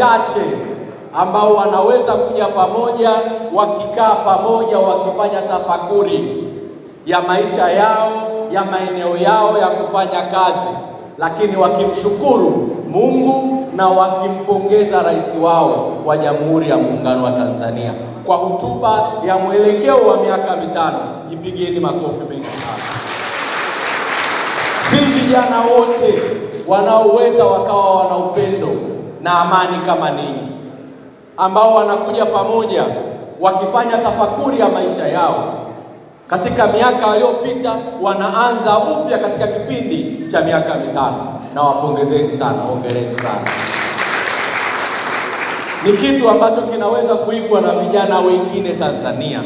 wachache ambao wanaweza kuja pamoja, wakikaa pamoja, wakifanya tafakuri ya maisha yao, ya maeneo yao ya kufanya kazi, lakini wakimshukuru Mungu na wakimpongeza rais wao wa Jamhuri ya Muungano wa Tanzania kwa hotuba ya mwelekeo wa miaka mitano. Jipigieni makofi mengi sana. Si vijana wote wanaoweza wakawa wana upendo na amani kama ninyi, ambao wanakuja pamoja wakifanya tafakuri ya maisha yao katika miaka waliopita, wanaanza upya katika kipindi cha miaka mitano. Na wapongezeni sana, hongereni sana. Ni kitu ambacho kinaweza kuigwa na vijana wengine Tanzania.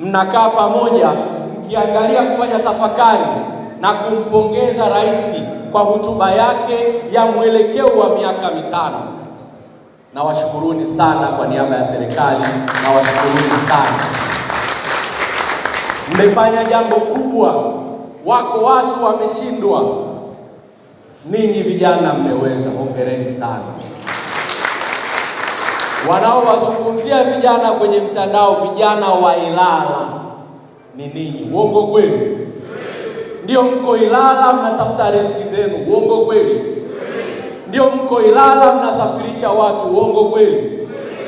Mnakaa pamoja mkiangalia kufanya tafakari na kumpongeza rais kwa hotuba yake ya mwelekeo wa miaka mitano. Nawashukuruni sana kwa niaba ya serikali, nawashukuruni sana, mmefanya jambo kubwa. Wako watu wameshindwa, ninyi vijana mmeweza, hongereni sana. Wanaowazungumzia vijana kwenye mtandao, vijana wa Ilala ni ninyi. Uongo kweli? ndio mko Ilala mnatafuta riziki zenu, uongo kweli? ndio mko Ilala mnasafirisha watu, uongo kweli?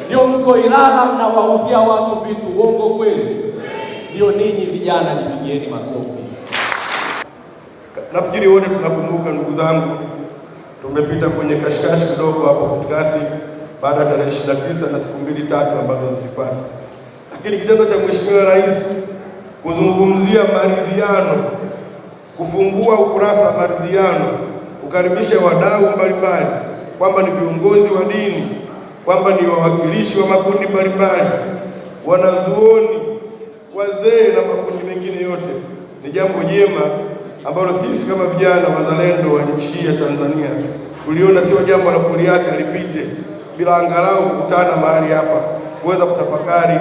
ndio mko Ilala mnawauzia watu vitu, uongo kweli? Ndio ninyi vijana, jipigieni makofi. Nafikiri wote tunakumbuka, ndugu zangu, tumepita kwenye kashikashi kidogo hapo katikati, baada ya tarehe 29 na siku mbili tatu ambazo zilipata, lakini kitendo cha Mheshimiwa Rais kuzungumzia maridhiano kufungua ukurasa wa maridhiano, kukaribisha wadau mbalimbali, kwamba ni viongozi wa dini, kwamba ni wawakilishi wa makundi mbalimbali, wanazuoni, wazee na makundi mengine yote, ni jambo jema ambalo sisi kama vijana wazalendo wa nchi hii ya Tanzania tuliona sio jambo la kuliacha lipite bila angalau kukutana mahali hapa kuweza kutafakari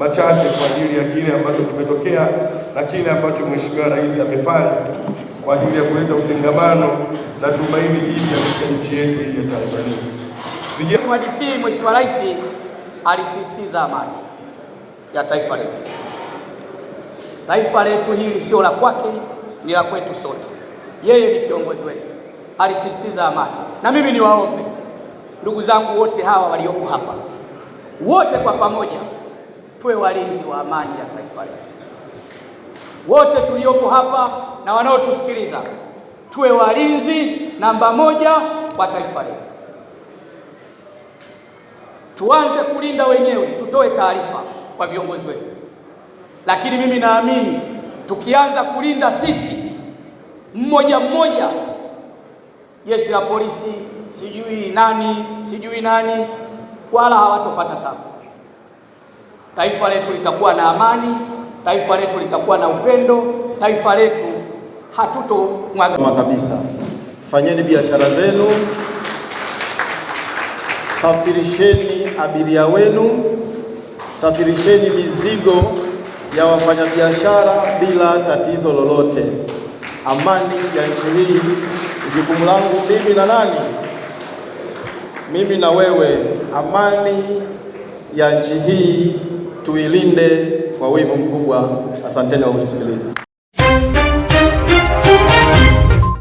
machache kwa ajili ya kile ambacho kimetokea na kile ambacho Mheshimiwa Rais amefanya kwa ajili ya kuleta utengamano na tumaini jipya katika nchi yetu hii ya Tanzania. Mheshimiwa DC, Mheshimiwa Rais alisisitiza amani ya taifa letu. Taifa letu hili sio la kwake, ni la kwetu sote. Yeye ni kiongozi wetu, alisisitiza amani. Na mimi niwaombe ndugu zangu wote hawa walioko hapa wote kwa pamoja tuwe walinzi wa amani ya taifa letu. Wote tuliopo hapa na wanaotusikiliza tuwe walinzi namba moja wa taifa letu. Tuanze kulinda wenyewe, tutoe taarifa kwa viongozi wetu, lakini mimi naamini tukianza kulinda sisi mmoja mmoja, jeshi la polisi sijui nani sijui nani, wala hawatopata tabu. Taifa letu litakuwa na amani, taifa letu litakuwa na upendo, taifa letu hatutomwaga kabisa. Fanyeni biashara zenu, safirisheni abiria wenu, safirisheni mizigo ya wafanyabiashara bila tatizo lolote. Amani ya nchi hii jukumu langu mimi na nani? Mimi na wewe. Amani ya nchi hii tuilinde kwa wivu mkubwa. Asanteni kwa kunisikiliza.